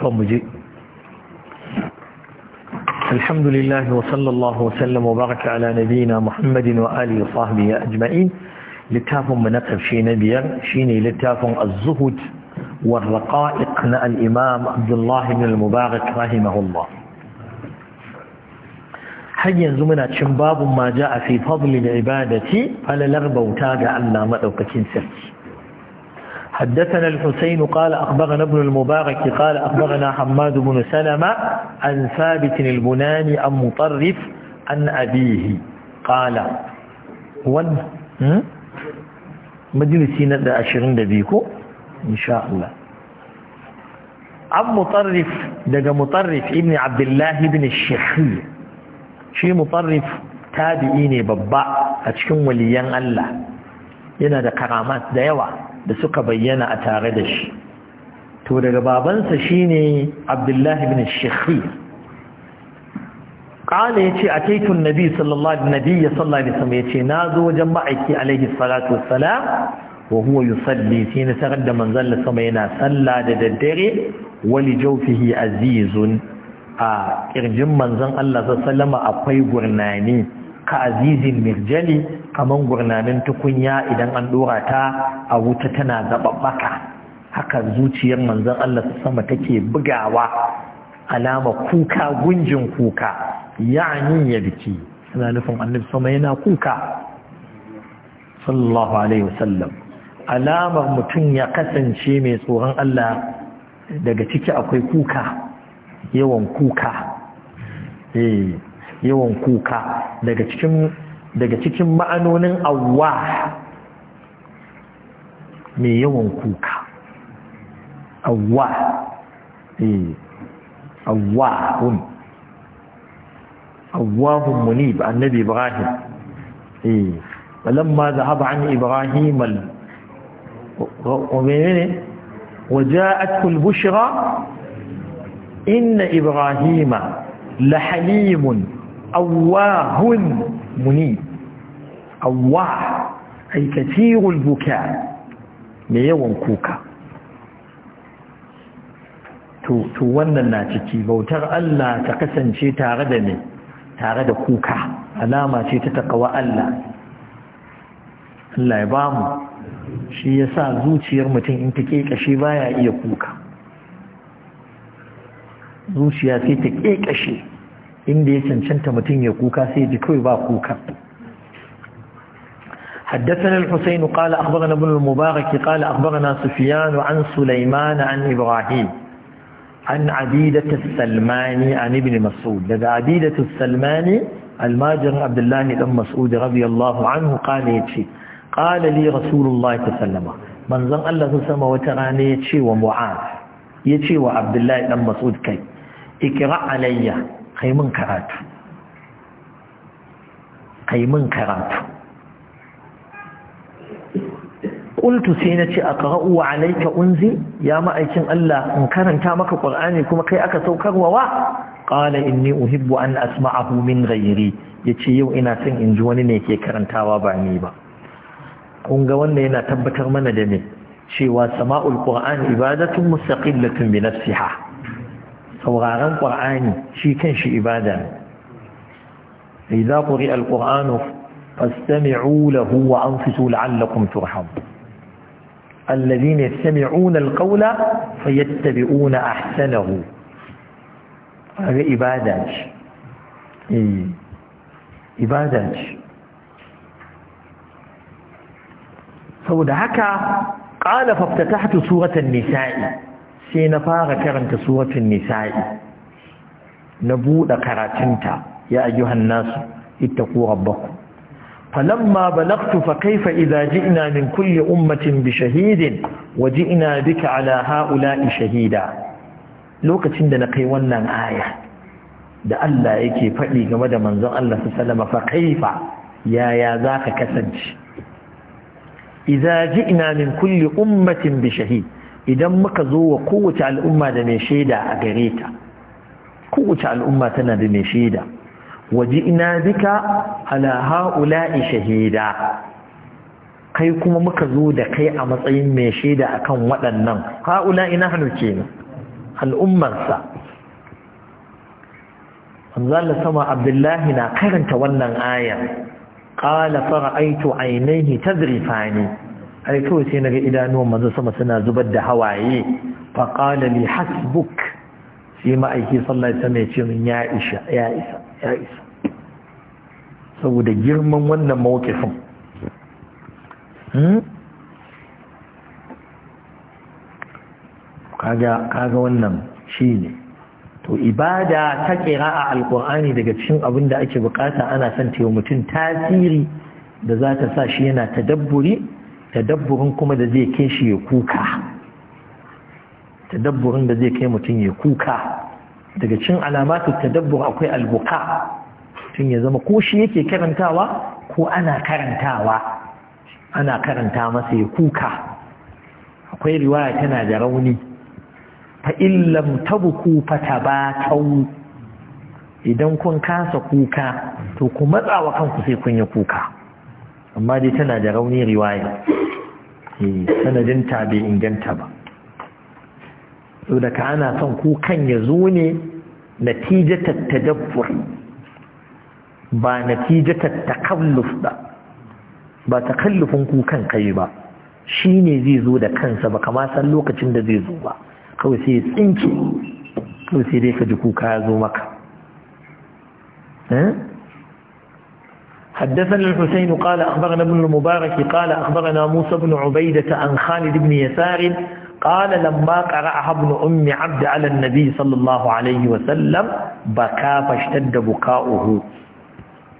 تو مجھے الحمد لله وصلى الله وسلم وبارك على نبينا محمد وآله وصحبه أجمعين لتافهم منقف شي نبيا شيني لتافهم الزهد والرقائق الإمام عبد الله بن المبارك رحمه الله حي زمنا شمباب ما جاء في فضل العبادة على لغبو تاجع الله مأوكتين سرتي حدثنا الحسين قال أخبرنا ابن المبارك قال أخبرنا حماد بن سلمة عن ثابت البناني عن مطرف عن أبيه قال ون مجلسي ندى عشرين إن شاء الله عن مطرف دقى مطرف ابن عبد الله بن الشيخي شي مطرف تابعيني بابا أتشكم وليان الله ينادى كرامات دا da suka bayyana a tare da shi to daga babansa shine abdullahi bin shekhi ƙala ya ce a taitun nabi sallallahu nabi ya sallari sama ya ce na zo wajen ma'aiki alaihi salatu wassalam wa huwa yusalli sai na tarar da manzalla sama yana salla da daddare wali jawfihi azizun a kirjin manzon Allah sallallahu alaihi wasallama akwai gurnani ka azizin mirjali kaman gurnanin tukunya idan an dora ta a wuta tana zababbaka haka zuciyar manzon Allah sama take bugawa alama kuka gunjin kuka ya'ani ya biki suna nufin annabi sama yana kuka sallallahu alaihi wasallam alamar mutum ya kasance mai tsoron Allah daga ciki akwai kuka yawan kuka eh yawan kuka daga cikin ma'anonin awa mai yawan kuka hun eh, awa hun muni ba annabi ibrahim eh walamma zahaba an ibrahim al ومنين bushira Inna ibrahim la halimun awahun muni awah ay kathirul buka mai yawan kuka to wannan na ciki bautar Allah ta kasance tare da ni, tare da kuka alama ce ta takawa Allah Allah ya bamu shi yasa zuciyar mutum in take kashe baya iya kuka zuciya sai ta kekashe inda ya cancanta mutum ya kuka sai ya ji kawai ba kuka حدثنا الحسين قال أخبرنا ابن المبارك قال أخبرنا سفيان عن سليمان عن إبراهيم عن عبيدة السلماني عن ابن مسعود لدى عبيدة السلماني الماجر عبد الله بن مسعود رضي الله عنه قال يتشي قال لي رسول الله تسلم من زن الله سما وتراني يتشي ومعاذ يتشي وعبد الله بن مسعود كي اقرأ علي kai karatu kai karatu qultu sai nace aqra'u wa alaika unzi ya ma'aikin Allah in karanta maka ƙur'ani kuma kai aka saukarwa wa qala inni uhibbu an asma'ahu min rairi, yace yau ina son in ji wani ne ke karantawa ba ni ba kun ga wannan yana tabbatar mana da me cewa sama'ul qur'an ibadatun mustaqillatun bi nafsiha سوغارن قراني شي كان شي عباده اذا قرئ القران فاستمعوا له وانصتوا لعلكم ترحمون الذين يستمعون القول فيتبعون احسنه هذا عباده اي عباده فودعك قال فافتتحت سوره النساء sai na fara karanta suratun nisa'i na buɗe karatunta ya ayyuhan nasu ittaqu rabbakum falamma balagtu fa kaifa idza ji'na min kulli ummatin bi shahidin wa ji'na bika ala ha'ula'i shahida lokacin da na kai wannan aya da Allah yake faɗi game da manzon Allah sallallahu alaihi wasallam fa kaifa yaya zaka kasance idza ji'na min kulli ummatin bi shahid idan muka zo wa kowace al'umma da mai shaida a gare ta kowace al'umma tana da mai shaida waji ina zika ala shahida kai kuma muka zo da kai a matsayin mai shaida akan waɗannan ha'ula'i na hannu kenan al'ummarsa Allah sama Abdullahi na karanta wannan ayar qala fara'aytu aynayhi tadrifani ai kawai sai naga idanuwan manzo sama suna zubar da hawaye fa qala li hasbuk sai aiki sallallahu alaihi wasallam ya ce min ya isha ya isa ya isa saboda girman wannan mawqifin hmm? kaga kaga wannan shine to ibada ta qira'a alqur'ani daga cikin abin da ake bukata ana son ta mutum tasiri da za ta sa shi yana tadabburi tadabburin kuma da zai kai shi ya kuka tadabburin da zai kai mutum ya kuka daga cin alamatu tadabbur akwai albuka tun ya zama ko shi yake karantawa ko ana karantawa ana karanta masa ya kuka akwai riwaya tana da rauni fa illam tabku fatabatu idan kun kasa kuka to ku matsawa kanku sai kun yi kuka amma dai tana da rauni riwaya Eh, sanadinta bai inganta ba so ka ana son kukan ya zo ne natijatar tadabbur ba natijatar takalluf ba ba takallufin kukan kai ba shi ne zai zo da kansa ba kama san lokacin da zai zo ba kawai sai tsinke kawai sai dai ka ji kuka ya zo maka eh? حدثنا الحسين قال أخبرنا ابن المبارك قال أخبرنا موسى بن عبيدة عن خالد بن يسار قال لما قرأها ابن أم عبد على النبي صلى الله عليه وسلم بكى فاشتد بكاؤه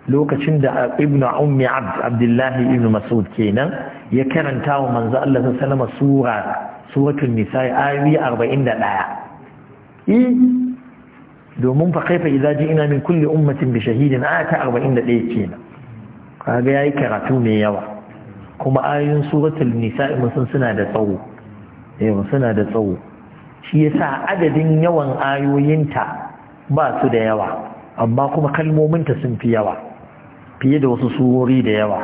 lokacin da ibn ummi abd abdullahi ibn mas'ud kenan ya karanta wa manzo Allah sallama sura suratul nisa ayi 41 eh domin fa kaifa idza ji'na min kulli ummatin bi shahidin ayata 41 kenan kaga yayi karatu mai yawa kuma ayoyin suratul nisa'i san suna da tsawo eh suna da tsawo shi yasa adadin yawan ayoyinta ba su da yawa amma kuma kalmominta sun fi yawa fiye da wasu surori da yawa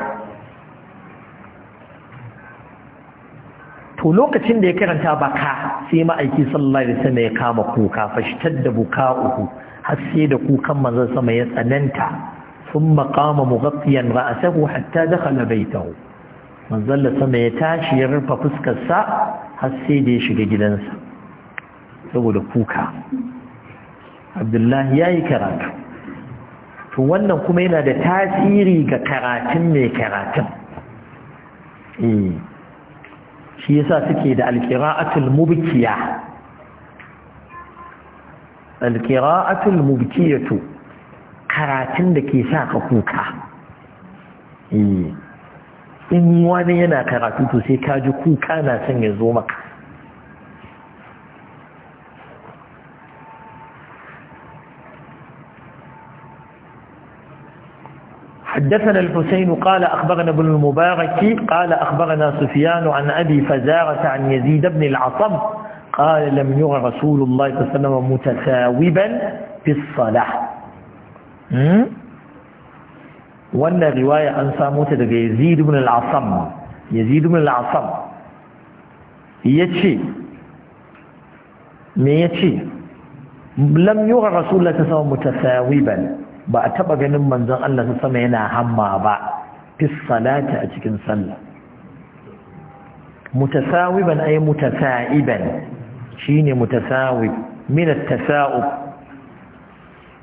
to lokacin da ya karanta baka sai ma'aiki sallallahu alaihi wasallam ya kama kuka fashtar da uku har sai da kukan manzon sama ya tsananta ثم قام مغطيا رأسه حتى دخل بيته من ظل سما يتاشي يرفع فسك الساعة حسيد يشغى جدنسا يقول كوكا عبد الله ياي كراتو فوانا كما ينا دا تاثيري كراتم مي كراتم إيه shi yasa suke da alkira'atul mubkiya alkira'atul mubkiyatu karatun da ke sa ka kuka eh, in wani yana karatu to sai ka ji kuka na son ya zo maka حدثنا الحسين قال أخبرنا ابن المبارك قال أخبرنا سفيان عن أبي فزارة عن يزيد بن العصب قال لم يرى رسول الله صلى الله عليه وسلم متثاوبا في الصلاة Hmm? wannan riwaya an samu ta daga yazid ibn al-asam yazid ibn al-asam yace me yace lam yura rasulullahi sallallahu mutasawiban ba a taba ganin manzon Allah sallallahu sama yana hamma ba fi salati a cikin sallah mutasawiban ay mutasa'iban shine mutasawib min at-tasa'ub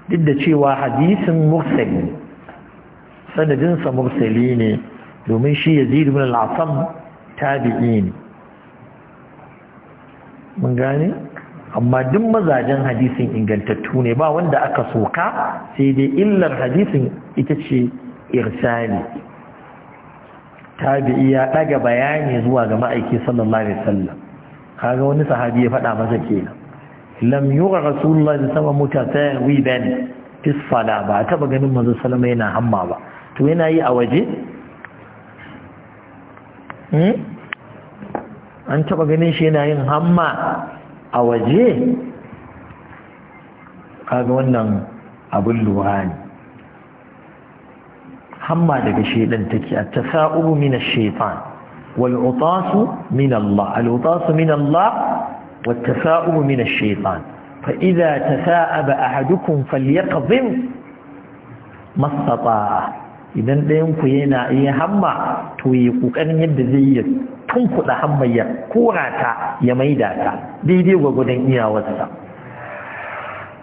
duk da cewa hadisin mursali sanadinsa mursali ne domin shi ya ibn al tabi'i ne mun gane amma duk mazajen hadisin ingantattu ne ba wanda aka soka sai dai illar hadisin ita ce irsali tabi'i ya daga bayani zuwa ga ma'aiki sallallahu alaihi wasallam kaga wani sahabi ya faɗa masa kenan lam yura rasulullahi sama mutasawiban fi isfala ba taba ganin manzo sallama yana hamma ba to yana yi a waje hmm? an taba ganin shi yana yin hamma a waje kaga wannan abin lura ne hamma daga shedan take a tasa'ubu min ash-shaytan wal utasu min Allah al utasu min Allah والتثاؤب من الشيطان فإذا تثاءب أحدكم فليقضم ما استطاع idan ɗayan ku yana iya hamma to yi ƙoƙarin yadda zai yi tun kuɗa hamma ya kora ta ya maida ta daidai gwagwadon iyawarsa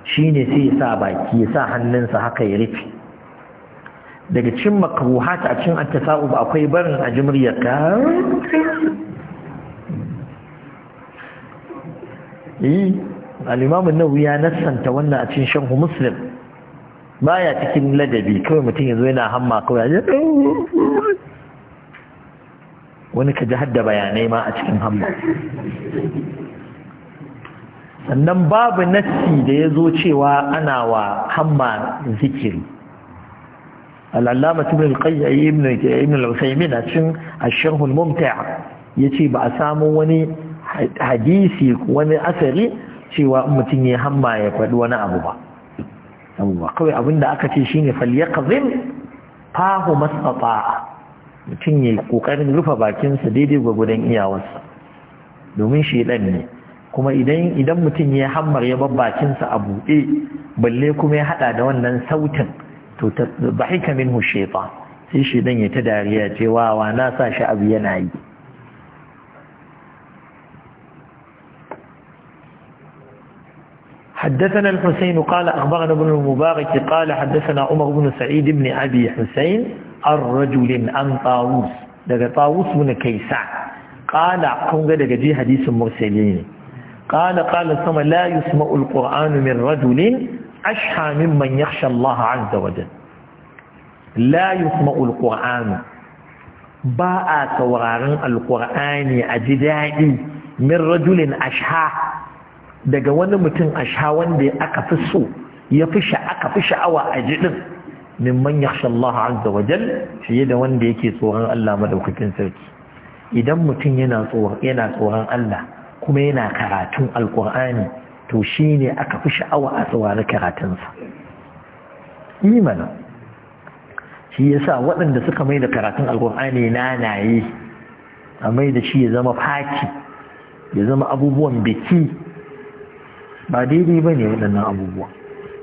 shi ne sai ya sa baki ya sa hannunsa haka ya rufe daga cin makaruhat a cin attasa'u akwai barin a jimriyar yi eh, al'imamun nawawi ya nassanta wannan a cikin shanhu muslim ya cikin ladabi kawai mutum zo yana hamma kawai ya wani ka ji hadda bayanai ma a cikin hamma sannan babu nassi da ya zo cewa ana wa hamma zikiri al'allamatu bin al-qayyim ibn al cin a cikin ash-sharh al ba a samun wani hadisi wani asari cewa mutum ya hamma ya faɗi wani abu ba abubuwa kawai abin da aka ce shi ne falyakazin fahu masafa mutum ya ƙoƙarin rufe bakinsa daidai gwagwadon iyawarsa domin ɗan ne kuma idan mutum ya hammar ya bar bakinsa a buɗe balle kuma ya haɗa da wannan sautin to min mu shaitan sai shi ɗan ya ta dariya cewa wa na sa shi abu yana yi حدثنا الحسين قال أخبرنا ابن المبارك قال حدثنا عمر بن سعيد بن أبي حسين الرجل عن طاووس دقى طاووس بن كيسان قال قنق دقى جي حديث المرسلين قال قال ثم لا يسمع القرآن من رجل أشحى ممن يخشى الله عز وجل لا يسمع القرآن باء صورا القرآن أجدائي من رجل أشحى daga wani mutum a sha wanda aka fi so ya fi aka fi sha'awa a jiɗin min man yakhsha Allah azza wa fiye da wanda yake tsoron Allah madaukakin sarki idan mutum yana tsoron Allah kuma yana karatun alqur'ani to shine aka fi sha'awa a tsawara karatunsa imana shi yasa waɗanda suka mai da karatun alqur'ani nanaye a mai da shi ya zama faki ya zama abubuwan biki ba daidai ba ne waɗannan abubuwa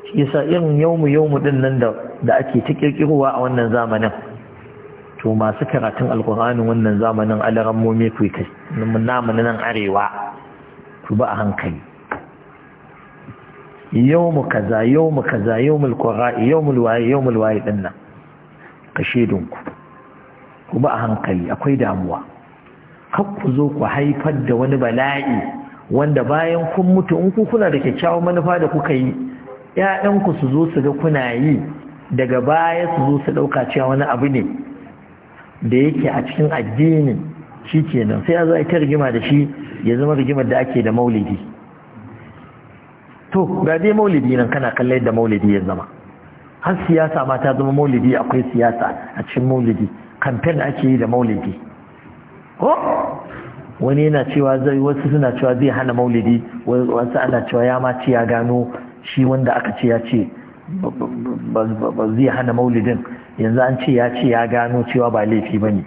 shi yasa irin yawmu yawmu ɗin nan da ake ta ƙirƙirowa a wannan zamanin to masu karatun alƙur'anin wannan zamanin alaran momi kai kai namu nan arewa ku ba a hankali yaumu kaza yawmu kaza yawmu qurra'i yawmu wayi yaumul wayi ɗin nan kashedinku ku ba a hankali akwai damuwa kakku ku zo ku haifar da wani bala'i wanda bayan kun mutu in ku kuna da kyakkyawan manufa da kuka yi ‘ya'yanku su zo su ga kuna yi daga baya su zo su ɗauka cewa wani abu ne da yake a cikin addinin shi kenan sai a zo ita rigima da shi ya zama rigimar da ake da maulidi to ga dai maulidi nan kana kallai da maulidi ya zama har siyasa ma ta zama maulidi akwai siyasa a cikin maulidi kamfen ake yi da maulidi ko wani yana cewa zai wasu suna cewa zai hana maulidi wasu ana cewa ya ma ya gano shi wanda aka ce ya ce ba zai hana maulidin yanzu an ce ya ce ya gano cewa ba laifi ba ne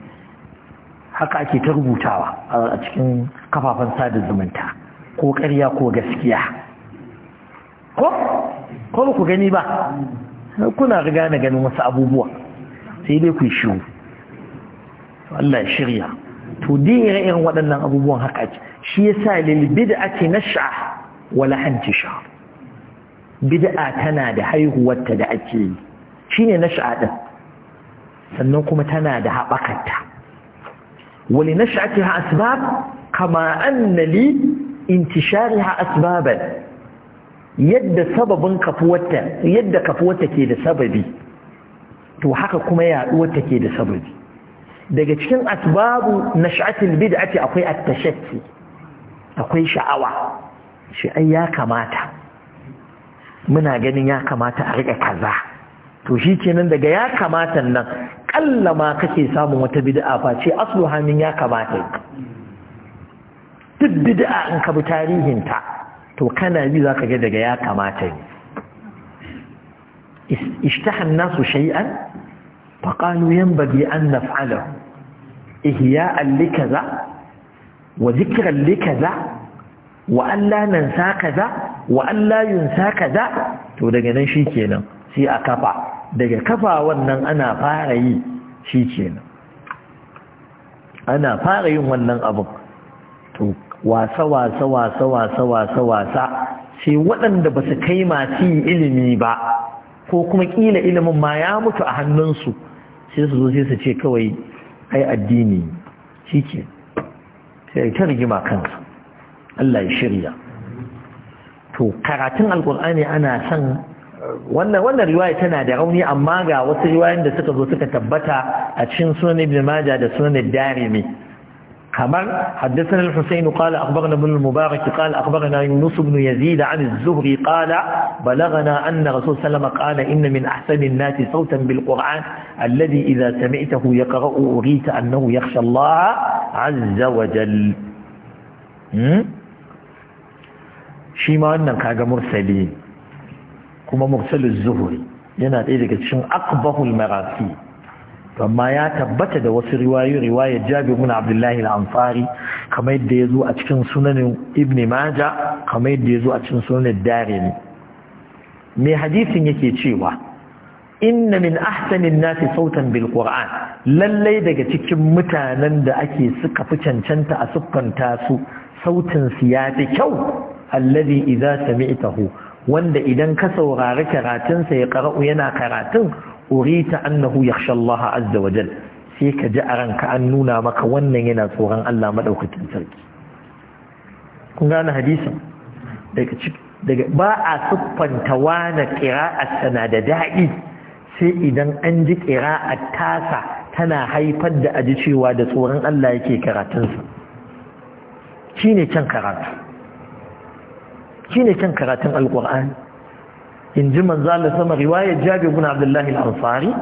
haka ake ta rubutawa a cikin kafafen sada zumunta ko karya ko gaskiya ko ko ku gani ba kuna riga na ganin wasu abubuwa sai dai ku yi shiru Allah ya shirya to din irin waɗannan abubuwan haka ce shi ya yasa lil bid'ati nash'a wala intishar bid'a tana da haihuwarta da ake yi shi shine nash'a din sannan kuma tana da haɓakarta wali nash'atiha asbab kama anna li intishariha asbaban yadda sababin kafuwarta yadda kafuwarta ke da sababi to haka kuma yaduwarta ke da sababi daga cikin asbabu nash'atil bid'ati akwai at-tashatti akwai sha'awa shi ai ya kamata muna ganin ya kamata a rika kaza to shi kenan daga ya kamata nan kalla ma kake samun wata bid'a face asluha min ya kamata duk bid'a in ka bi tarihin ta to kana bi zaka ga daga ya kamata ishtaha an-nasu shay'an فقالوا ينبغي an naf'alahu ihya'an li kaza wa zikiran li kaza wa Allah nan sa kaza wa Allah yunsa kaza to daga nan shi kenan sai a kafa daga kafa wannan ana fara yi shikenan ana fara yin wannan abin to wasa wasa wasa wasa wasa wasa sai waɗanda ba su kai masu yi ilimi ba ko kuma ƙila ilimin ma ya mutu a hannunsu sai su zo sai su ce kawai ai addini shi ke sai ta rigima kansa, Allah ya shirya to karatun alkur'ani ana son wannan wannan riwaya tana da rauni amma ga wasu riwayoyin da suka zo suka tabbata a cikin sunan ibn majah da sunan darimi خبر حدثنا الحسين قال أخبرنا ابن المبارك قال أخبرنا يونس بن يزيد عن الزهري قال بلغنا أن رسول وسلم قال إن من أحسن الناس صوتا بالقرآن الذي إذا سمعته يقرأ أريت أنه يخشى الله عز وجل shi ma wannan kaga mursali kuma mursalin zuhuri yana ɗaya daga cikin akbahul amma ya tabbata da wasu riwayoyi riwayar Jabir ibn abdullahi al-Ansari kamar yadda yazo a cikin sunanin Ibn Majah kamar yadda yazo a cikin sunanin Darimi me hadisin yake cewa inna min ahsanin nasi sautan bil Qur'an lallai daga cikin mutanen da ake suka fi cancanta a sukkanta su sautin su ya fi kyau alladhi idza sami'tahu wanda idan ka saurari karatun sa ya qara'u yana karatun urita annahu yakhsha Allah azza wa sai ka ji a ranka an nuna maka wannan yana tsoron Allah madaukakin sarki kun gane hadisin daga daga ba a siffanta wani qira'at tana da daɗi sai idan an ji qira'at tasa tana haifar da aji cewa da tsoron Allah yake karatunsa shine can karatu shine karatun alqur'ani in ji manzo Allah sama riwayar Jabir ibn Abdullah al-Ansari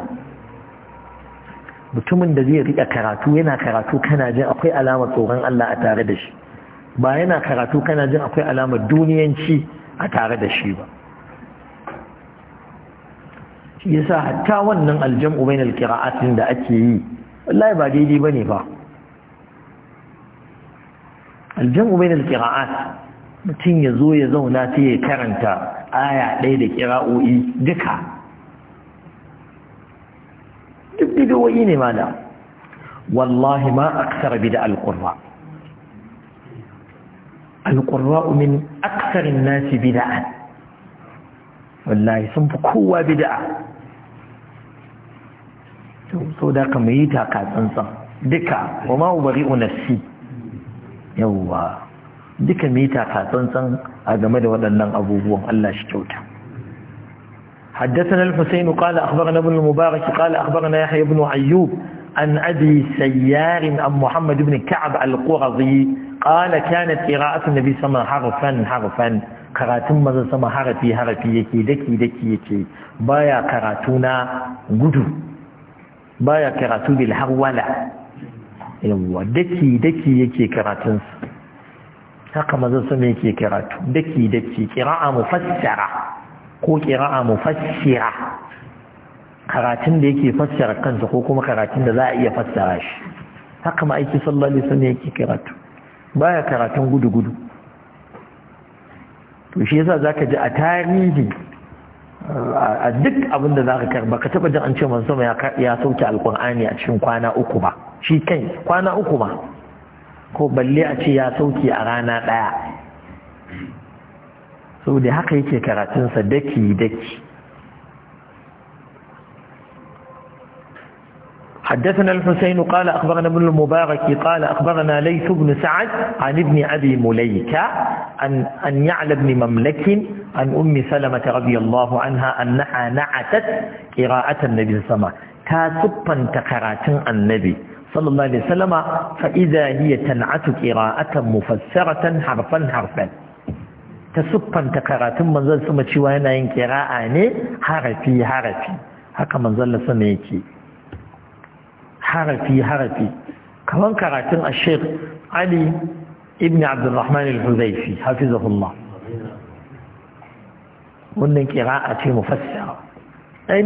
mutumin da zai rika karatu yana karatu kana jin akwai alamar tsoron Allah a tare da shi ba yana karatu kana jin akwai alamar duniyanci a tare da shi ba shi yasa hatta wannan aljam'u bainal qira'atin da ake yi wallahi ba daidai bane ba aljam'u bainal qira'at mutum ya zo ya zauna sai ya karanta aya ɗaya da kira'o'i duka duk bidowoyi ne ma da wallahi ma aksara bida alƙurra alƙurra min aksarin nasi bida'an wallahi sun fi kowa bida'a so da ka yi taka duka wa ma'ubari'u nafsi yawwa duka mita katsantsan a game da waɗannan abubuwan Allah shi kyauta حدثنا الحسين قال أخبرنا ابن المبارك قال أخبرنا يحيى بن أيوب عن أبي سيار عن محمد بن كعب القرظي قال كانت قراءة النبي صلى حرفا حرفا karatun maza sama harafi harafi yake daki daki yake baya karatu gudu baya karatu bil harwala yawa daki daki karatun haka mazan su mai ke karatu daki daki kira'a mufassara ko kira'a karatun da yake fassara kansa ko kuma karatun da za a iya fassara shi haka ma'aiki sallallahu alaihi wasallam yake karatu baya karatun gudu gudu to shi yasa zaka ji a tarihi a duk abin da zaka karba ka taba jin an ce manzo ya ya sauke alkur'ani a cikin kwana uku ba shi kai kwana uku ba ko balle a ce ya sauke a rana ɗaya sau da haka yake karatunsa daki-daki حدثنا الحسين قال أخبرنا ابن المبارك قال أخبرنا ليث بن سعد عن ابن أبي مليكة عن, عن يعلى بن مملك عن أم سلمة رضي الله عنها أنها نعتت قراءة النبي صلى الله عليه وسلم تاسبا تقرات النبي sallallahu alaihi wasallama fa idza hiya tan'atu qira'atan mufassaratan harfan harfan ta siffanta karatun manzon sama cewa yana yin qira'a ne harafi harafi haka manzon sama yake harafi harafi kaman karatun ash-shaykh Ali ibn Abdurrahman al-Hudayfi hafizahullah wannan qira'a ce mufassara ai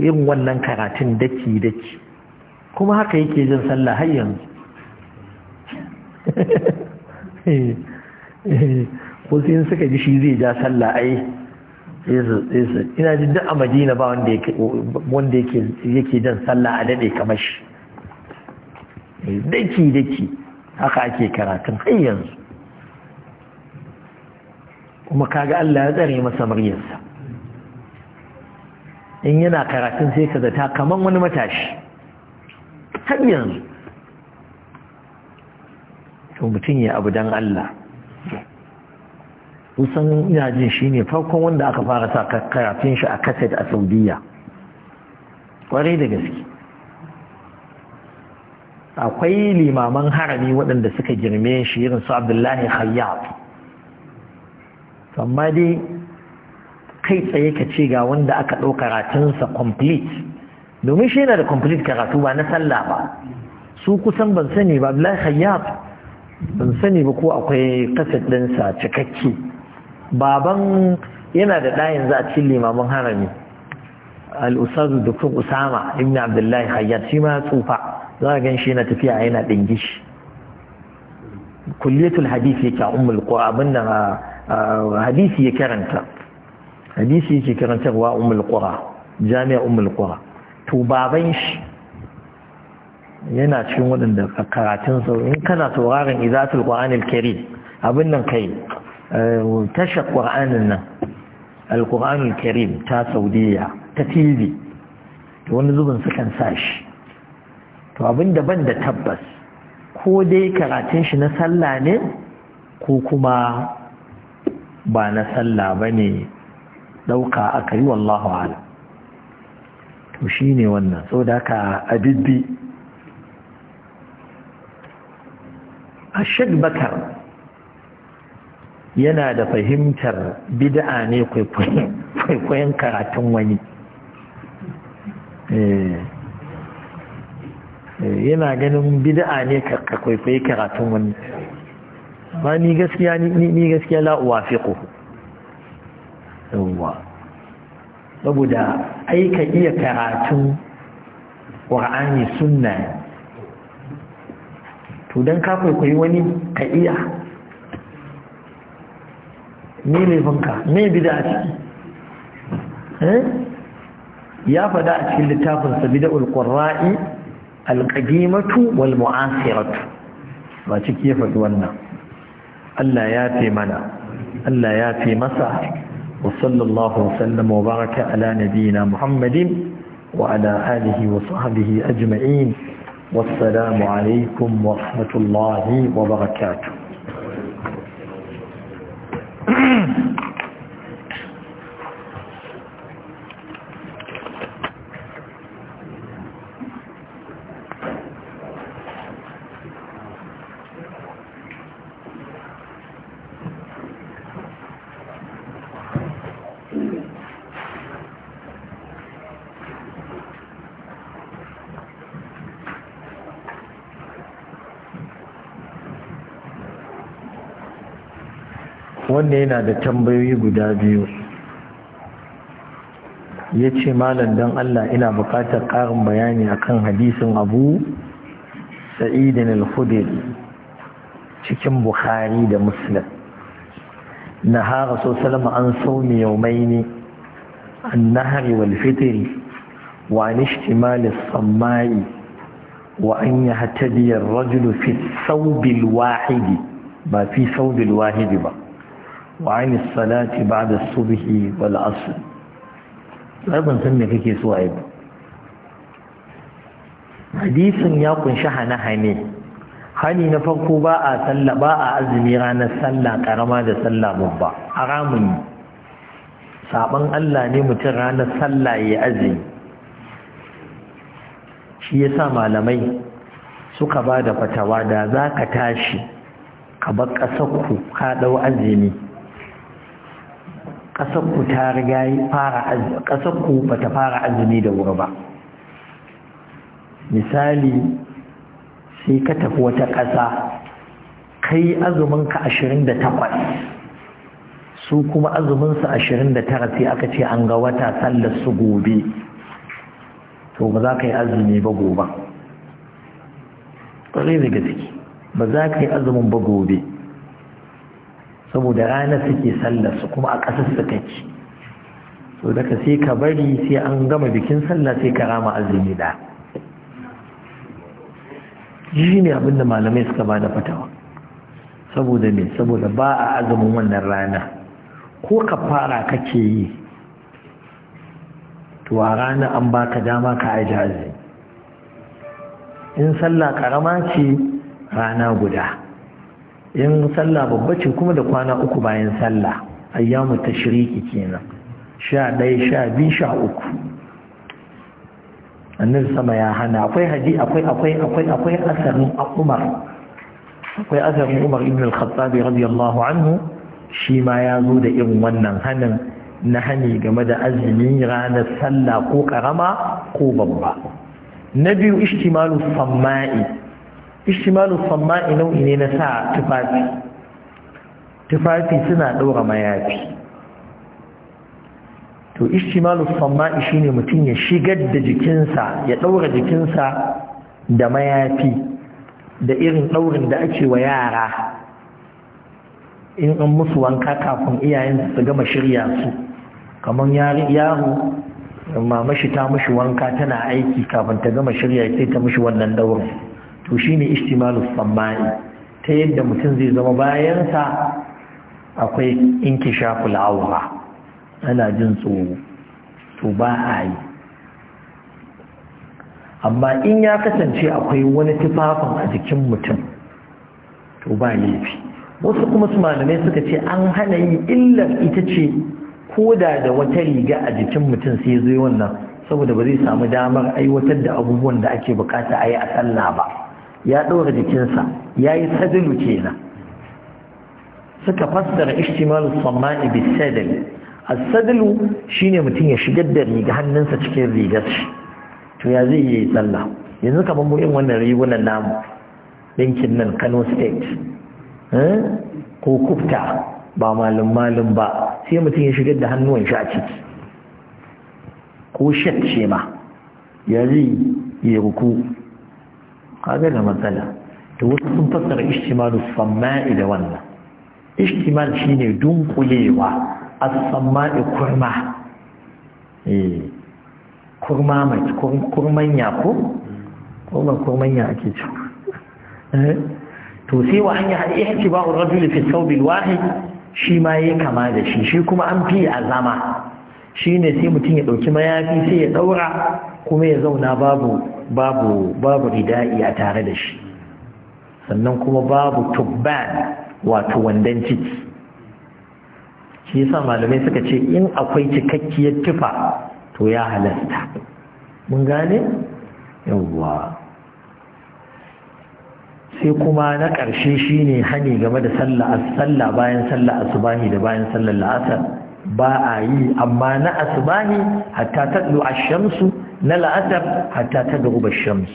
yin wannan karatun daki daki kuma haka yake jin sallah har yanzu ko sai suka ji shi zai ja sallah ai ina jin duk a madina ba wanda yake jan sallah a daɗe kamar shi daki daki haka ake karatun har yanzu kuma kaga Allah ya tsare masa muryarsa in yana karatun sai ka zata kamar wani matashi har yanzu to mutum ya abu don Allah kusan ina jin shi ne farkon wanda aka fara sa karatun shi a Kased a saudiya kwarai da gaske akwai limaman harami waɗanda suka girme shi irin su abdullahi khayyab amma dai kai tsaye ka ce ga wanda aka ɗau karatunsa complete domin shi yana da complete karatu ba na sallah ba su kusan ban sani ba abdullahi khayyab ban sani ba ko akwai kasar ɗinsa cikakke baban yana da ɗayan za a cikin limamin harami al'usar dukkan usama ibn abdullahi khayyab shi ma tsufa za a gan shi yana tafiya yana ɗingishi kulliyatul hadisi yake a ummul qura abin da ah, ah, hadisi ya karanta hadisi yake karantarwa umul qura jami'a umul qura to baban shi yana cikin waɗanda karatun sa, in kana sauraron izatul qur'anil karim abin nan kai eh, tashar qur'anin nan alqur'anul karim ta saudiya ta tv to wani zubin sukan sa shi to abin ban da tabbas ko dai karatun shi na sallah ne ko kuma ba na sallah bane Dauka aka yi wallahu ala to shi ne wannan so da aka abibbi a bakar yana da fahimtar bid'a ne kwaikwayon karatun wani eh, eh, yana ganin bid'a ne ka kwaikwayi karatun wani ba ni gaskiya la'uwa fi la'uwa saboda aika iya karatun ƙwa'ani sunna to don ka kwaikwayi wani ka iya ne laifinka ne bida a ciki eh? ya fada a cikin littafinsa bida ulƙwarra'i alƙadimatu wal mu'asiratu ba ciki ya faɗi wannan Allah ya fi mana Allah ya fi masa وصلى الله وسلم وبارك على نبينا محمد وعلى آله وصحبه أجمعين والسلام عليكم ورحمة الله وبركاته wannan yana da tambayoyi guda biyu ya ce malam don Allah ina bukatar ƙarin bayani akan hadisin abu sa'idin al-khudiri cikin bukhari da muslim na hara salama an saumi yaumaini an nahari wal wa an ishtimal samma'i wa an yi ar-rajulu fi thawb al ba fi thawb ba wa'in salati ba da a wal asir zarbin sun ne kake so aibu hadisin ya kunshi hane-hane hani na farko ba a azumi ranar sallah karama da sallah babba haramun saban Allah ne mutum ranar sallah ya azumi shi ya sa malamai suka ba da fatawa da za ka tashi ka bar ƙasa ka ɗau azumi ƙasar ku ta riga yi fara ƙasar ku ba ta fara azumi da wuri ba misali sai ka tafi wata ƙasa kai azuminka ashirin da takwas su kuma azuminsu ashirin da tara sai aka ce an ga wata sallar su gobe to ba za ka yi azumi ba gobe ƙwarai da gaske ba za ka yi azumin ba gobe saboda rana suke sallar su kuma a ƙasar suka ci so daga sai ka bari sai an gama bikin sallah sai ka rama azumi da shi ne abin malamai suka ba da fatawa saboda me saboda ba a azumin wannan rana ko ka fara kake yi to a rana an baka dama ka aji azumi in sallah karama ce rana guda in sallah babba ce kuma da kwana uku bayan sallah ayyamu shiriki kenan sha ɗaya sha biyu sha uku annabi sama ya hana akwai haji akwai akwai akwai akwai asarin umar akwai asarin umar ibn al-khattab radiyallahu anhu shi ma ya zo da irin wannan hanin na hani game da azumin ranar sallah ko karama ko babba na biyu ishtimalu samma'i ishmalu samma'i nau'i ne na sa tufafi tufafi suna ɗaura mayafi to ishmalu samma'i shine mutum ya shigar da jikinsa ya ɗaura jikinsa da mayafi da irin ɗaurin da ake wa yara in an musu wanka kafin iyayen su gama shirya su kamar yaro mamashi ta mushi wanka tana aiki kafin ta gama shirya sai ta mushi wannan daurin to shi ne ishtimalus samani ta yadda mutum zai zama bayansa akwai inkishaful aura ana jin tsoro to ba a yi amma in ya kasance akwai wani tufafin a jikin mutum to ba laifi wasu kuma su malamai suka ce an hana yi illar ita ce koda da wata riga a jikin mutum sai zai wannan saboda ba zai samu damar aiwatar da abubuwan da ake bukata a yi a sallah ba ya ɗora jikinsa ya yi ke kenan suka fassara ishtimalu samani bi sadil as-sadlu shine mutum ya shigar da riga hannunsa cikin rigar shi to ya zai yi sallah yanzu kamar mu irin wannan rigunan namu ɗinkin nan Kano state eh, ko kufta ba malum malum ba sai mutum ya shigar da hannuwan shi a ciki ko shat ce ya zai yi ruku kaga da matsala to wasu sun fassara ishtimalu sama'i da wannan ishtimal shine dunkulewa as samai kurma eh kurma mai kurmanya ko kurman ya ake ci eh. to sai wa an yi ba ar-rajuli fi thawb wahid shi ma yayi kama da shi shi kuma an fi azama shine sai mutum ya dauki mayafi sai ya daura kuma ya zauna babu babu babu rida'i a tare da shi sannan kuma babu tubban wato wandan ciki shi yasa malamai suka ce in akwai cikakkiyar tufa to ya halasta mun gane yawwa sai kuma na ƙarshe shine hani game da sallah sallah bayan sallah asubahi da bayan sallar la'asar ba a yi amma na asubahi hatta tadlu ash-shamsu na la'asar hatta ta garuba shams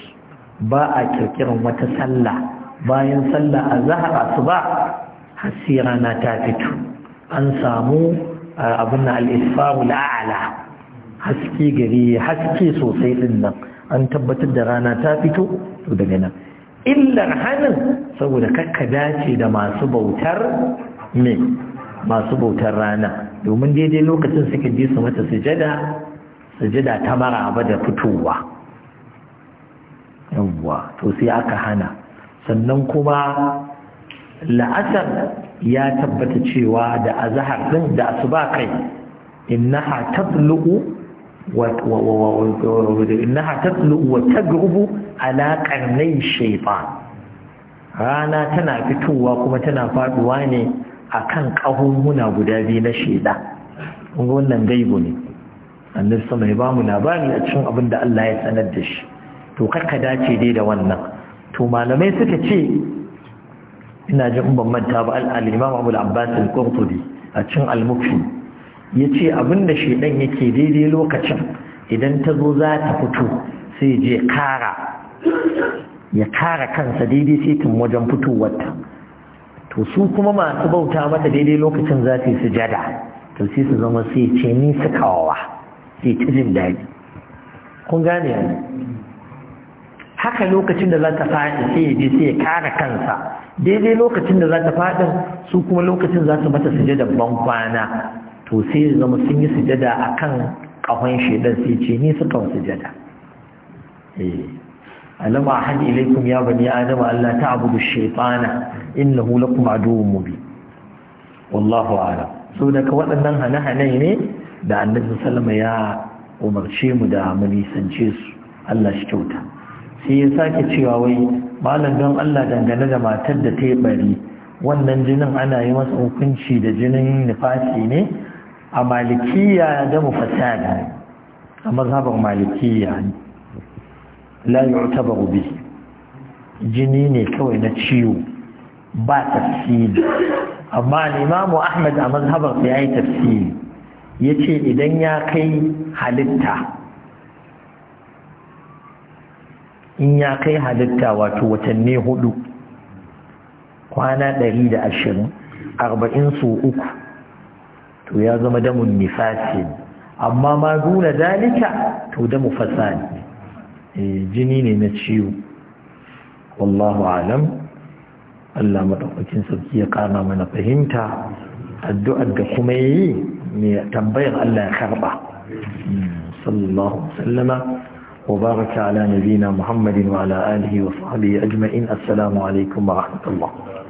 ba a kirkiran wata sallah bayan sallah a zahar asuba har sai rana ta fito an samu abin al-isfaru la'ala haske gari haske sosai ɗin nan an tabbatar da rana ta fito to daga nan illar hannun saboda kakka dace da masu bautar mai masu bautar rana domin daidai lokacin suke je su mata sujada sujada ta maraba da fitowa yawwa to sai aka hana sannan kuma la'asar ya tabbata cewa da azhar din da asuba kai innaha tatlu'u wa innaha tatlu'u wa tagrubu ala qarnay shaytan rana tana fitowa kuma tana faduwa ne akan kahun muna guda biyu na sheda wannan gaibu ne annabi sama ya bamu labari a cikin abin da Allah ya sanar da shi to kar ka dace dai da wannan to malamai suka ce ina jin in ban manta ba al-Imam Abu al-Abbas al-Qurtubi a cikin al-Mufti yace abinda shedan yake daidai lokacin idan ta zo za ta fito sai je kara ya kara kansa daidai sai tun wajen ta to su kuma masu bauta mata daidai lokacin za su sujada to sai su zama sai ce ni sukawa sai ta jin daɗi kun gane yanzu haka lokacin da za ta faɗi sai ya je sai ya kare kansa daidai lokacin da za ta faɗin su kuma lokacin za su mata sujada ban kwana to sai ya zama sun yi sujada a kan ƙahon shaidan sai ce ni suka sujada eh. alama ahad ilaikum ya bani adama Allah ta'budu shaitana innahu lakum aduwwun mubin wallahu a'lam so daga waɗannan hane-hane ne da annabi sallama ya umarce mu da mu nisance su Allah shi kyauta sai ya sake cewa wai malam don Allah dangane da matar da ta yi bari wannan jinin ana yi masa hukunci da jinin nifasi ne a malikiya da mufasada a mazhabar malikiya ne la yu'tabaru bi jini ne kawai na ciwo ba tafsiri amma imamu Ahmad a mazhabar ya yayi tafsiri ya ce idan ya kai halitta in ya kai halitta wato watanni hudu kwana ɗari da ashirin arba'in su uku to ya zama damun nifasi amma ma duna dalika to damu fasani eh, jini ne na ciwo wallahu alam Allah maɗaukakin sauki ya ƙara mana fahimta addu'ar da kuma yi mai ألا Allah صلى الله وسلم وبارك على نبينا محمد وعلى آله وصحبه أجمعين السلام عليكم ورحمة الله